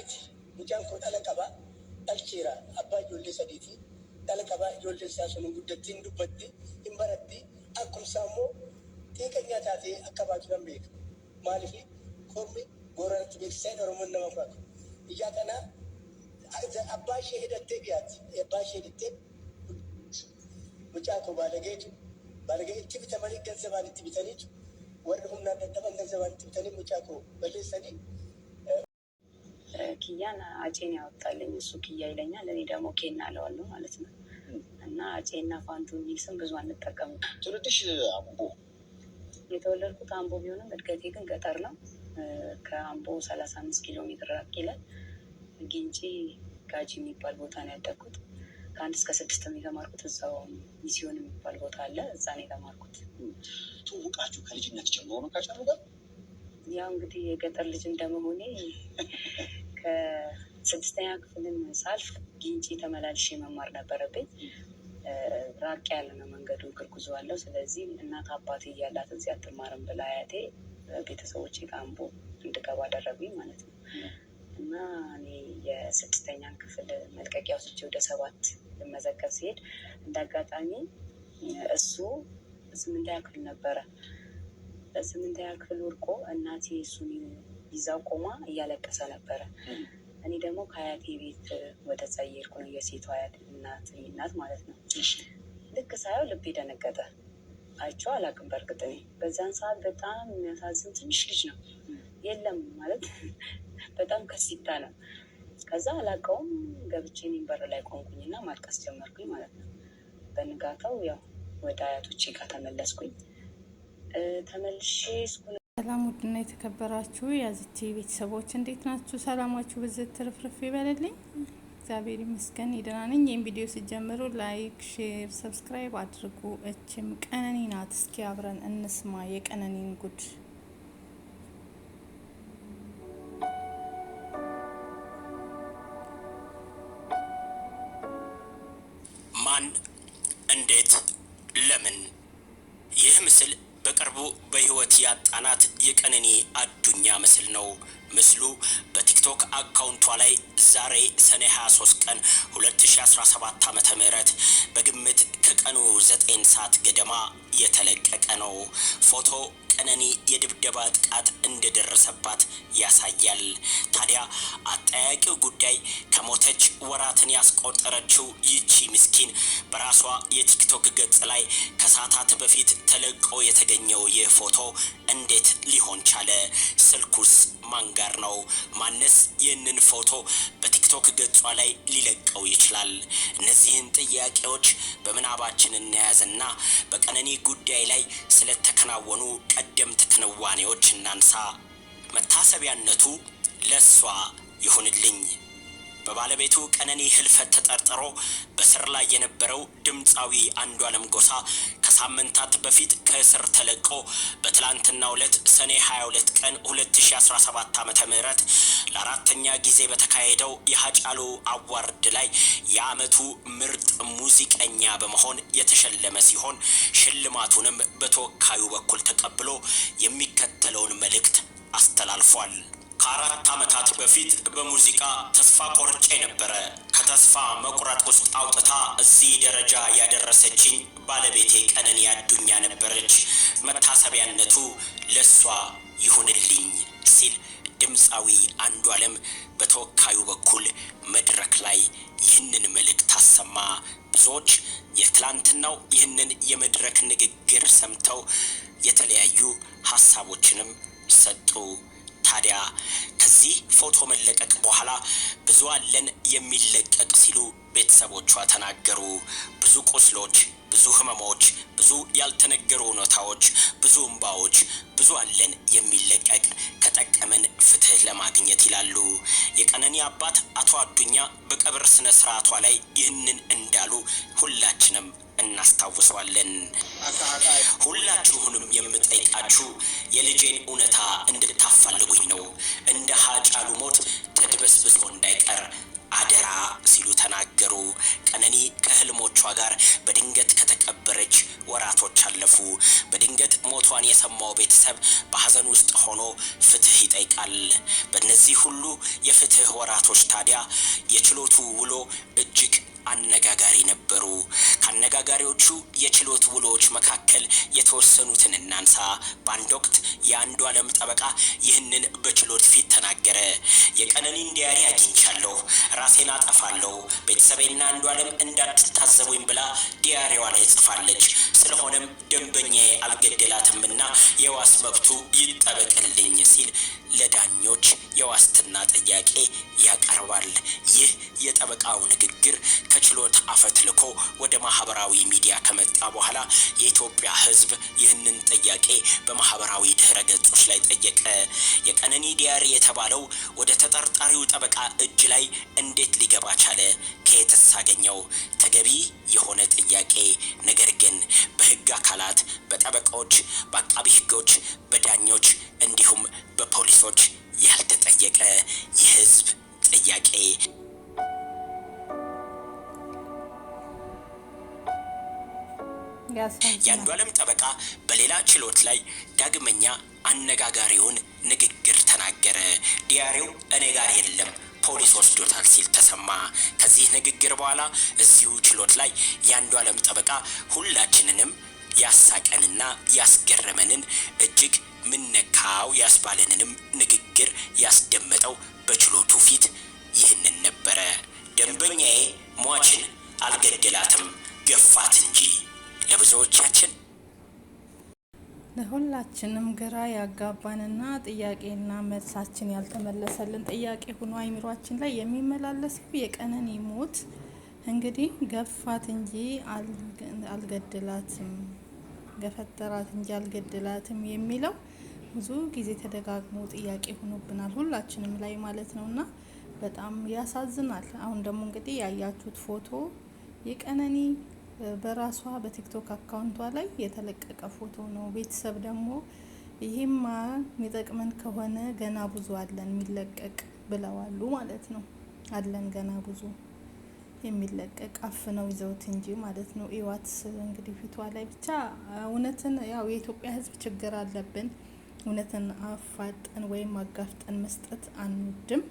jechuudha. Mucaan koo dhala qabaa dhalcheera abbaa ijoollee sadii fi dhala qabaa ijoollee isaa sun hin guddatti hin dubbatti hin baratti akkuma immoo xiqqeenyaa taatee akka baachuudhaan beeka. Maaliif kormi gooranatti beeksisaan Oromoon nama fudhatu. Iyyaa kanaa abbaa ishee hidhattee dhiyaatti. Abbaa ishee hidhattee mucaa koo baalageetu baalagee itti bitamanii ganzabaan itti bitaniitu warri humnaan dadhaban ganzabaan itti bitanii mucaa koo balleessanii ኪያን አጼን ያወጣልኝ እሱ ክያ ይለኛል። እኔ ደግሞ ኬና እለዋለሁ ማለት ነው። እና አጼና ፋንቱ የሚል ስም ብዙ አንጠቀም። ትውልድሽ አምቦ? የተወለድኩት አምቦ ቢሆንም እድገቴ ግን ገጠር ነው። ከአምቦ ሰላሳ አምስት ኪሎ ሜትር ራቅ ይላል። ጊንጪ ጋጂ የሚባል ቦታ ነው ያደግኩት። ከአንድ እስከ ስድስት ነው የተማርኩት። እዛው ሚስዮን የሚባል ቦታ አለ፣ እዛ ነው የተማርኩት። ትውቃችሁ ከልጅነት ጀምሮ ነው? ጋር? ያው እንግዲህ የገጠር ልጅ እንደመሆኔ ከስድስተኛ ክፍልን ሳልፍ ጊንጪ ተመላልሼ መማር ነበረብኝ። ራቅ ያለ ነው መንገዱ፣ እግር ጉዞ አለው። ስለዚህ እናት አባቴ እያላት እዚህ አትማርም ብላ አያቴ ቤተሰቦቼ ጋምቦ እንድገባ አደረጉኝ ማለት ነው። እና እኔ የስድስተኛ ክፍል መልቀቂያ ወስጄ ወደ ሰባት ልመዘገብ ሲሄድ እንደ አጋጣሚ እሱ ስምንተኛ ክፍል ነበረ። ስምንተኛ ክፍል ወርቆ እናቴ እሱን ይዛ ቆማ እያለቀሰ ነበረ። እኔ ደግሞ ከአያቴ ቤት ወደ ጸየርኩ ነው የሴቱ አያት እናት እናት ማለት ነው። ልክ ሳየው ልቤ ደነገጠ። አይቼው አላውቅም በእርግጥ እኔ በዛን ሰዓት በጣም የሚያሳዝን ትንሽ ልጅ ነው የለም ማለት በጣም ከሲታ ነው። ከዛ አላውቀውም ገብቼ እኔም በር ላይ ቆንኩኝና ማልቀስ ጀመርኩኝ ማለት ነው። በንጋታው ያው ወደ አያቶቼ ጋር ተመለስኩኝ። ተመልሼ ሰላም ውድና የተከበራችሁ የአዚቲ ቤተሰቦች እንዴት ናችሁ? ሰላማችሁ ብዝት ትርፍርፍ ይበልልኝ። እግዚአብሔር ይመስገን ደህና ነኝ። ይህን ቪዲዮ ሲጀምሩ ላይክ፣ ሼር፣ ሰብስክራይብ አድርጉ። እችም ቀነኒ ናት። እስኪ አብረን እንስማ የቀነኒን ጉድ በቅርቡ በህይወት ያጣናት የቀነኒ አዱኛ ምስል ነው። ምስሉ በቲክቶክ አካውንቷ ላይ ዛሬ ሰኔ 23 ቀን 2017 ዓ ም በግምት ከቀኑ 9 ሰዓት ገደማ የተለቀቀ ነው። ፎቶ ቀነኒ የድብደባ ጥቃት እንደደረሰባት ያሳያል። ታዲያ አጠያቂው ጉዳይ ከሞተች ወራትን ያስቆጠረችው ይቺ ምስኪን በራሷ የቲክቶክ ገጽ ላይ ከሰዓታት በፊት ተለቆ የተገኘው ይህ ፎቶ እንዴት ሊሆን ቻለ? ስልኩስ ማንጋር ነው? ማነስ ይህንን ፎቶ በቲክቶክ ገጿ ላይ ሊለቀው ይችላል? እነዚህን ጥያቄዎች በምናባችን እናያዝና በቀነኒ ጉዳይ ላይ ስለተከናወኑ ቀደምት ክንዋኔዎች እናንሳ። መታሰቢያነቱ ለእሷ ይሁንልኝ። በባለቤቱ ቀነኒ ህልፈት ተጠርጥሮ በስር ላይ የነበረው ድምፃዊ አንዷለም ጎሳ ከሳምንታት በፊት ከእስር ተለቆ በትላንትናው ዕለት ሰኔ 22 ቀን 2017 ዓ ም ለአራተኛ ጊዜ በተካሄደው የሀጫሉ አዋርድ ላይ የአመቱ ምርጥ ሙዚቀኛ በመሆን የተሸለመ ሲሆን ሽልማቱንም በተወካዩ በኩል ተቀብሎ የሚከተለውን መልእክት አስተላልፏል። ከአራት ዓመታት በፊት በሙዚቃ ተስፋ ቆርጬ ነበረ። ከተስፋ መቁረጥ ውስጥ አውጥታ እዚህ ደረጃ ያደረሰችኝ ባለቤቴ ቀነኒ አዱኛ ነበረች። መታሰቢያነቱ ለእሷ ይሁንልኝ ሲል ድምፃዊ አንዱ አለም በተወካዩ በኩል መድረክ ላይ ይህንን መልእክት አሰማ። ብዙዎች የትላንትናው ይህንን የመድረክ ንግግር ሰምተው የተለያዩ ሀሳቦችንም ሰጡ። ታዲያ ከዚህ ፎቶ መለቀቅ በኋላ ብዙ አለን የሚለቀቅ ሲሉ ቤተሰቦቿ ተናገሩ። ብዙ ቁስሎች፣ ብዙ ህመሞች፣ ብዙ ያልተነገሩ እውነታዎች፣ ብዙ እምባዎች፣ ብዙ አለን የሚለቀቅ ከጠቀመን ፍትህ ለማግኘት ይላሉ። የቀነኒ አባት አቶ አዱኛ በቀብር ስነ ስርዓቷ ላይ ይህንን እንዳሉ ሁላችንም እናስታውሷለን። ሁላችሁንም የምጠይቃችሁ የልጄን እውነታ እንድታፋልጉኝ ነው። እንደ ሀጫሉ ሞት ተድበስብሶ እንዳይቀር አደራ ሲሉ ተናገሩ። ቀነኒ ከህልሞቿ ጋር በድንገት ከተቀበረች ወራቶች አለፉ። በድንገት ሞቷን የሰማው ቤተሰብ በሀዘን ውስጥ ሆኖ ፍትህ ይጠይቃል። በእነዚህ ሁሉ የፍትህ ወራቶች ታዲያ የችሎቱ ውሎ እጅግ አነጋጋሪ ነበሩ። ከአነጋጋሪዎቹ የችሎት ውሎዎች መካከል የተወሰኑትን እናንሳ። በአንድ ወቅት የአንዱ አለም ጠበቃ ይህንን በችሎት ፊት ተናገረ። የቀነኒን ዲያሪ አግኝቻለሁ፣ ራሴን አጠፋለሁ፣ ቤተሰቤና አንዱ አለም እንዳትታዘቡኝ ብላ ዲያሪዋ ላይ ጽፋለች። ስለሆነም ደንበኛዬ አልገደላትምና የዋስ መብቱ ይጠበቅልኝ ሲል ለዳኞች የዋስትና ጥያቄ ያቀርባል። ይህ የጠበቃው ንግግር ከችሎት አፈትልኮ ወደ ማህበራዊ ሚዲያ ከመጣ በኋላ የኢትዮጵያ ሕዝብ ይህንን ጥያቄ በማህበራዊ ድህረ ገጾች ላይ ጠየቀ። የቀነኒ ዲያር የተባለው ወደ ተጠርጣሪው ጠበቃ እጅ ላይ እንዴት ሊገባ ቻለ? ከየትስ አገኘው? ተገቢ የሆነ ጥያቄ ነገር አካላት በጠበቃዎች፣ በአቃቢ ህጎች በዳኞች እንዲሁም በፖሊሶች ያልተጠየቀ የህዝብ ጥያቄ የአንዱ ዓለም ጠበቃ በሌላ ችሎት ላይ ዳግመኛ አነጋጋሪውን ንግግር ተናገረ። ዲያሬው እኔ ጋር የለም ፖሊስ ወስዶታል ሲል ተሰማ። ከዚህ ንግግር በኋላ እዚሁ ችሎት ላይ የአንዱ ዓለም ጠበቃ ሁላችንንም ያሳቀንና ያስገረመንን እጅግ ምነካው ያስባለንንም ንግግር ያስደመጠው በችሎቱ ፊት ይህንን ነበረ። ደንበኛዬ ሟችን አልገደላትም ገፋት እንጂ። ለብዙዎቻችን ለሁላችንም ግራ ያጋባንና ጥያቄና መልሳችን ያልተመለሰልን ጥያቄ ሆኖ አይምሯችን ላይ የሚመላለሰው የቀነኒ ሞት እንግዲህ ገፋት እንጂ አልገደላትም ገፈጠራት እንጂ አልገደላትም የሚለው ብዙ ጊዜ ተደጋግሞ ጥያቄ ሆኖብናል ሁላችንም ላይ ማለት ነው እና በጣም ያሳዝናል። አሁን ደግሞ እንግዲህ ያያችሁት ፎቶ የቀነኒ በራሷ በቲክቶክ አካውንቷ ላይ የተለቀቀ ፎቶ ነው። ቤተሰብ ደግሞ ይህማ የሚጠቅመን ከሆነ ገና ብዙ አለን የሚለቀቅ ብለዋሉ ማለት ነው። አለን ገና ብዙ የሚለቀቅ ነው ይዘውት እንጂ ማለት ነው። እዋት እንግዲህ ፊቷ ላይ ብቻ እውነትን ያው የኢትዮጵያ ሕዝብ ችግር አለብን። እውነትን አፋጠን ወይም አጋፍጠን መስጠት አንወድም።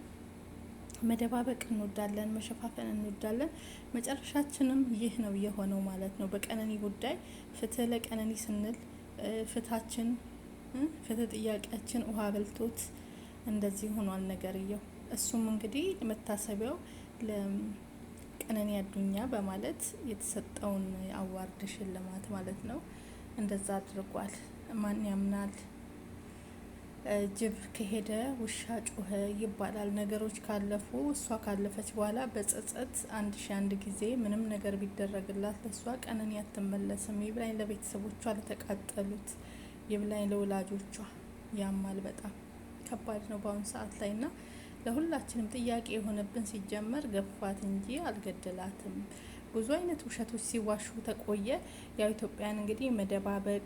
መደባበቅ እንወዳለን፣ መሸፋፈን እንወዳለን። መጨረሻችንም ይህ ነው የሆነው ማለት ነው። በቀነኒ ጉዳይ ፍትህ ለቀነኒ ስንል ፍታችን ፍትህ ጥያቄያችን ውሃ በልቶት እንደዚህ ሆኗል ነገርየው። እሱም እንግዲህ መታሰቢያው ቀነኒ አዱኛ በማለት የተሰጠውን የአዋርድ ሽልማት ማለት ነው እንደዛ አድርጓል። ማን ያምናል? ጅብ ከሄደ ውሻ ጮኸ ይባላል። ነገሮች ካለፉ እሷ ካለፈች በኋላ በጸጸት አንድ ሺ አንድ ጊዜ ምንም ነገር ቢደረግላት ለእሷ ቀነኒ አትመለስም። ይብላኝ ለቤተሰቦቿ ለተቃጠሉት፣ ይብላኝ ለወላጆቿ። ያማል። በጣም ከባድ ነው በአሁኑ ሰዓት ላይ ና ለሁላችንም ጥያቄ የሆነብን ሲጀመር ገፏት እንጂ አልገደላትም። ብዙ አይነት ውሸቶች ሲዋሹ ተቆየ። ያው ኢትዮጵያን እንግዲህ መደባበቅ፣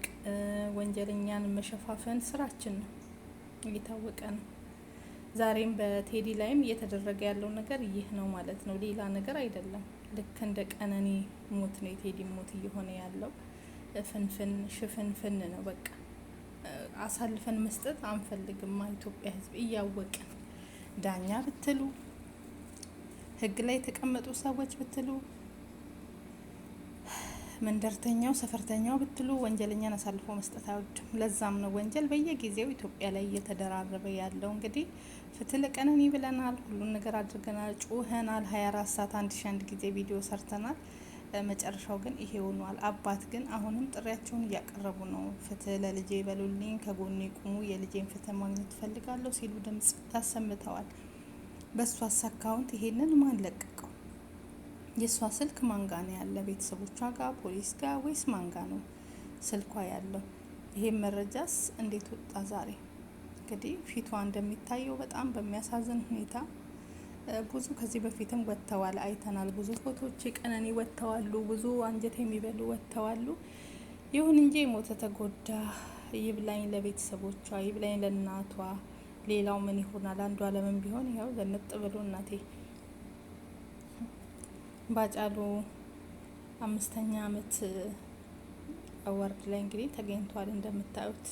ወንጀለኛን መሸፋፈን ስራችን ነው፣ እየታወቀ ነው። ዛሬም በቴዲ ላይም እየተደረገ ያለው ነገር ይህ ነው ማለት ነው፣ ሌላ ነገር አይደለም። ልክ እንደ ቀነኒ ሞት ነው የቴዲ ሞት እየሆነ ያለው። ፍንፍን ሽፍንፍን ነው። በቃ አሳልፈን መስጠት አንፈልግማ ኢትዮጵያ ሕዝብ እያወቅን ዳኛ ብትሉ፣ ህግ ላይ የተቀመጡ ሰዎች ብትሉ፣ መንደርተኛው፣ ሰፈርተኛው ብትሉ ወንጀለኛን አሳልፎ መስጠት አይወድም። ለዛም ነው ወንጀል በየጊዜው ኢትዮጵያ ላይ እየተደራረበ ያለው። እንግዲህ ፍትህ ለቀነኒ ብለናል። ሁሉን ነገር አድርገናል፣ ጩኸናል። ሀያ አራት ሰዓት አንድ ሺ አንድ ጊዜ ቪዲዮ ሰርተናል። መጨረሻው ግን ይሄ ሆኗል። አባት ግን አሁንም ጥሪያቸውን እያቀረቡ ነው። ፍትህ ለልጄ ይበሉልኝ፣ ከጎኔ ቁሙ፣ የልጄን ፍትህ ማግኘት ትፈልጋለሁ ሲሉ ድምጽ አሰምተዋል። በእሷ አካውንት ይሄንን ማን ለቀቀው? የእሷ ስልክ ማንጋ ነው ያለ? ቤተሰቦቿ ጋር፣ ፖሊስ ጋር ወይስ ማንጋ ነው ስልኳ ያለው? ይሄን መረጃስ እንዴት ወጣ ዛሬ? እንግዲህ ፊቷ እንደሚታየው በጣም በሚያሳዝን ሁኔታ ብዙ ከዚህ በፊትም ወጥተዋል አይተናል። ብዙ ፎቶዎች ቀነኒ ወጥተዋሉ፣ ብዙ አንጀት የሚበሉ ወጥተዋሉ። ይሁን እንጂ የሞተ ተጎዳ፣ ይብላኝ ለቤተሰቦቿ፣ ይብላኝ ለእናቷ፣ ሌላው ምን ይሆናል? አንዱ አለምን ቢሆን ያው ዘንጥ ብሎ እናቴ ባጫሉ አምስተኛ አመት አዋርድ ላይ እንግዲህ ተገኝቷል። እንደምታዩት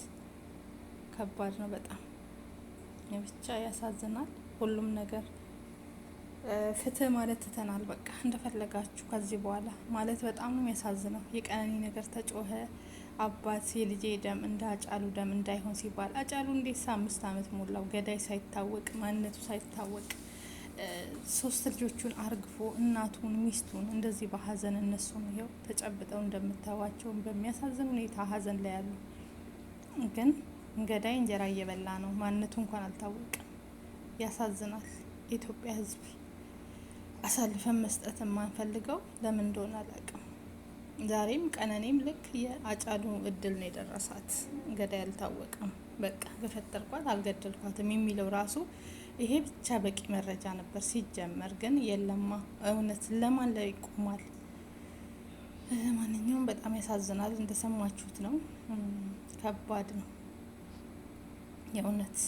ከባድ ነው በጣም ብቻ ያሳዝናል ሁሉም ነገር ፍትህ ማለት ትተናል፣ በቃ እንደፈለጋችሁ ከዚህ በኋላ ማለት በጣም ነው የሚያሳዝነው። የቀነኒ ነገር ተጮኸ። አባት የልጄ ደም እንደ አጫሉ ደም እንዳይሆን ሲባል አጫሉ እንዴት አምስት አመት ሞላው ገዳይ ሳይታወቅ ማንነቱ ሳይታወቅ ሶስት ልጆቹን አርግፎ እናቱን ሚስቱን እንደዚህ በሀዘን እነሱን ይኸው ተጨብጠው እንደምታዋቸውን በሚያሳዝን ሁኔታ ሀዘን ላይ ያሉ ግን ገዳይ እንጀራ እየበላ ነው። ማንነቱ እንኳን አልታወቅም። ያሳዝናል። የኢትዮጵያ ሕዝብ አሳልፈን መስጠት የማንፈልገው ለምን እንደሆነ አላውቅም። ዛሬም ቀነኔም ልክ የአጫሉ እድል ነው የደረሳት። ገዳይ አልታወቀም። በቃ በፈጠርኳት አልገደልኳትም የሚለው ራሱ ይሄ ብቻ በቂ መረጃ ነበር። ሲጀመር ግን የለማ እውነት ለማን ላይ ይቆማል? ለማንኛውም በጣም ያሳዝናል። እንደሰማችሁት ነው። ከባድ ነው የእውነት